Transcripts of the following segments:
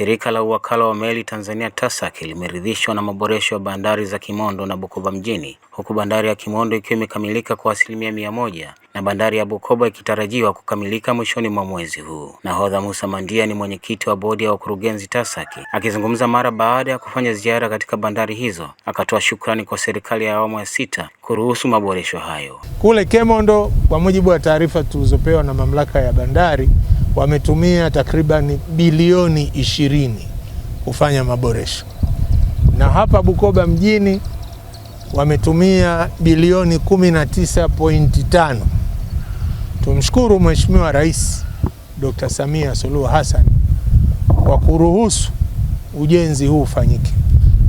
Shirika la Uwakala wa Meli Tanzania TASAC limeridhishwa na maboresho ya bandari za Kimondo na Bukoba mjini, huku bandari ya Kimondo ikiwa imekamilika kwa asilimia mia moja na bandari ya Bukoba ikitarajiwa kukamilika mwishoni mwa mwezi huu. Nahodha Musa Mandia ni mwenyekiti wa bodi ya wakurugenzi TASAC. Akizungumza mara baada ya kufanya ziara katika bandari hizo, akatoa shukrani kwa serikali ya awamu ya sita kuruhusu maboresho hayo. Kule Kemondo, kwa mujibu wa taarifa tulizopewa na mamlaka ya bandari wametumia takriban bilioni ishirini kufanya maboresho, na hapa Bukoba mjini wametumia bilioni 19.5. Tumshukuru Mheshimiwa Rais Dr. Samia Suluhu Hassan kwa kuruhusu ujenzi huu ufanyike,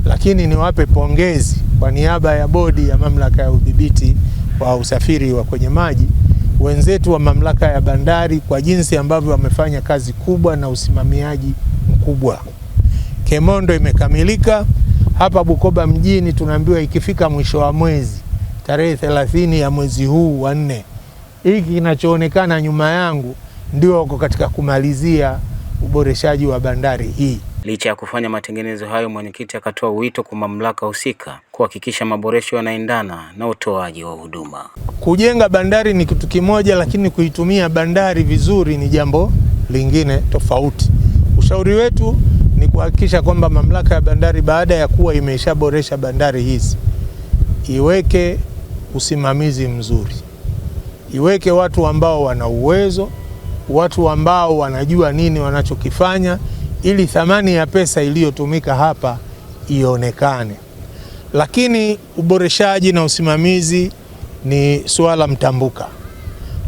lakini niwape pongezi kwa niaba ya bodi ya mamlaka ya udhibiti wa usafiri wa kwenye maji wenzetu wa mamlaka ya bandari kwa jinsi ambavyo wamefanya kazi kubwa na usimamiaji mkubwa. Kemondo imekamilika hapa Bukoba mjini, tunaambiwa ikifika mwisho wa mwezi tarehe 30 ya mwezi huu wa nne, hiki kinachoonekana nyuma yangu ndio wako katika kumalizia uboreshaji wa bandari hii. Licha ya kufanya matengenezo hayo, mwenyekiti akatoa wito kwa mamlaka husika kuhakikisha maboresho yanaendana na utoaji wa huduma. Kujenga bandari ni kitu kimoja, lakini kuitumia bandari vizuri ni jambo lingine tofauti. Ushauri wetu ni kuhakikisha kwamba mamlaka ya bandari baada ya kuwa imeshaboresha bandari hizi iweke usimamizi mzuri, iweke watu ambao wana uwezo, watu ambao wanajua nini wanachokifanya ili thamani ya pesa iliyotumika hapa ionekane. Lakini uboreshaji na usimamizi ni suala mtambuka.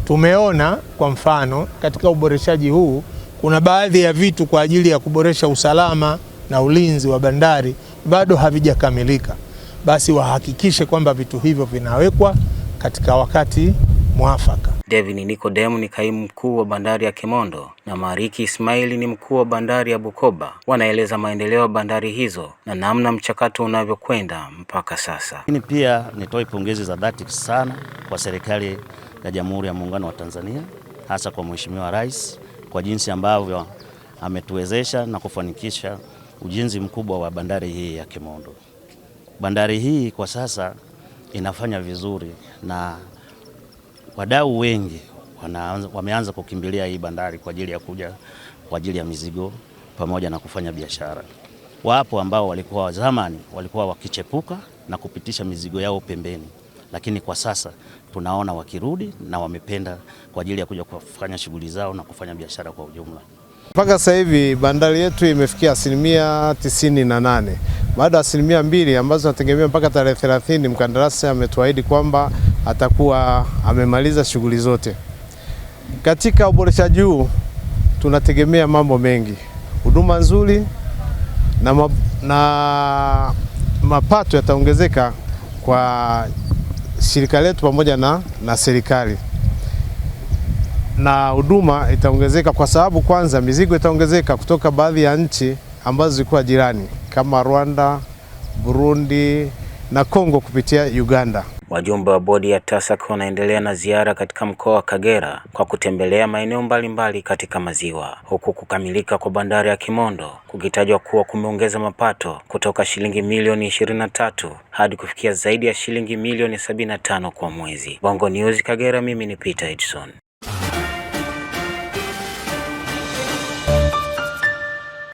Tumeona kwa mfano katika uboreshaji huu kuna baadhi ya vitu kwa ajili ya kuboresha usalama na ulinzi wa bandari bado havijakamilika. Basi wahakikishe kwamba vitu hivyo vinawekwa katika wakati mwafaka. Devin Nikodemu ni kaimu mkuu wa bandari ya Kemondo na Mariki Ismaili ni mkuu wa bandari ya Bukoba wanaeleza maendeleo ya bandari hizo na namna mchakato unavyokwenda mpaka sasa. Lakini pia nitoe pongezi za dhati sana kwa serikali ya Jamhuri ya Muungano wa Tanzania, hasa kwa Mheshimiwa Rais kwa jinsi ambavyo ametuwezesha na kufanikisha ujenzi mkubwa wa bandari hii ya Kemondo. Bandari hii kwa sasa inafanya vizuri na wadau wengi wanaanza, wameanza kukimbilia hii bandari kwa ajili ya kuja kwa ajili ya mizigo pamoja na kufanya biashara. Wapo ambao walikuwa zamani walikuwa wakichepuka na kupitisha mizigo yao pembeni, lakini kwa sasa tunaona wakirudi na wamependa kwa ajili ya kuja kufanya shughuli zao na kufanya biashara kwa ujumla. Mpaka sasa hivi bandari yetu imefikia asilimia tisini na nane baada ya asilimia mbili ambazo tunategemea mpaka tarehe 30 mkandarasi ametuahidi kwamba atakuwa amemaliza shughuli zote. Katika uboreshaji huu tunategemea mambo mengi, huduma nzuri na, ma, na mapato yataongezeka kwa shirika letu pamoja na, na serikali na huduma itaongezeka kwa sababu kwanza mizigo itaongezeka kutoka baadhi ya nchi ambazo zilikuwa jirani kama Rwanda, Burundi na Kongo kupitia Uganda. Wajumbe wa bodi ya TASAC wanaendelea na ziara katika mkoa wa Kagera kwa kutembelea maeneo mbalimbali katika maziwa, huku kukamilika kwa bandari ya Kimondo kukitajwa kuwa kumeongeza mapato kutoka shilingi milioni 23 hadi kufikia zaidi ya shilingi milioni 75 kwa mwezi. Bongo News Kagera, mimi ni Peter Edson.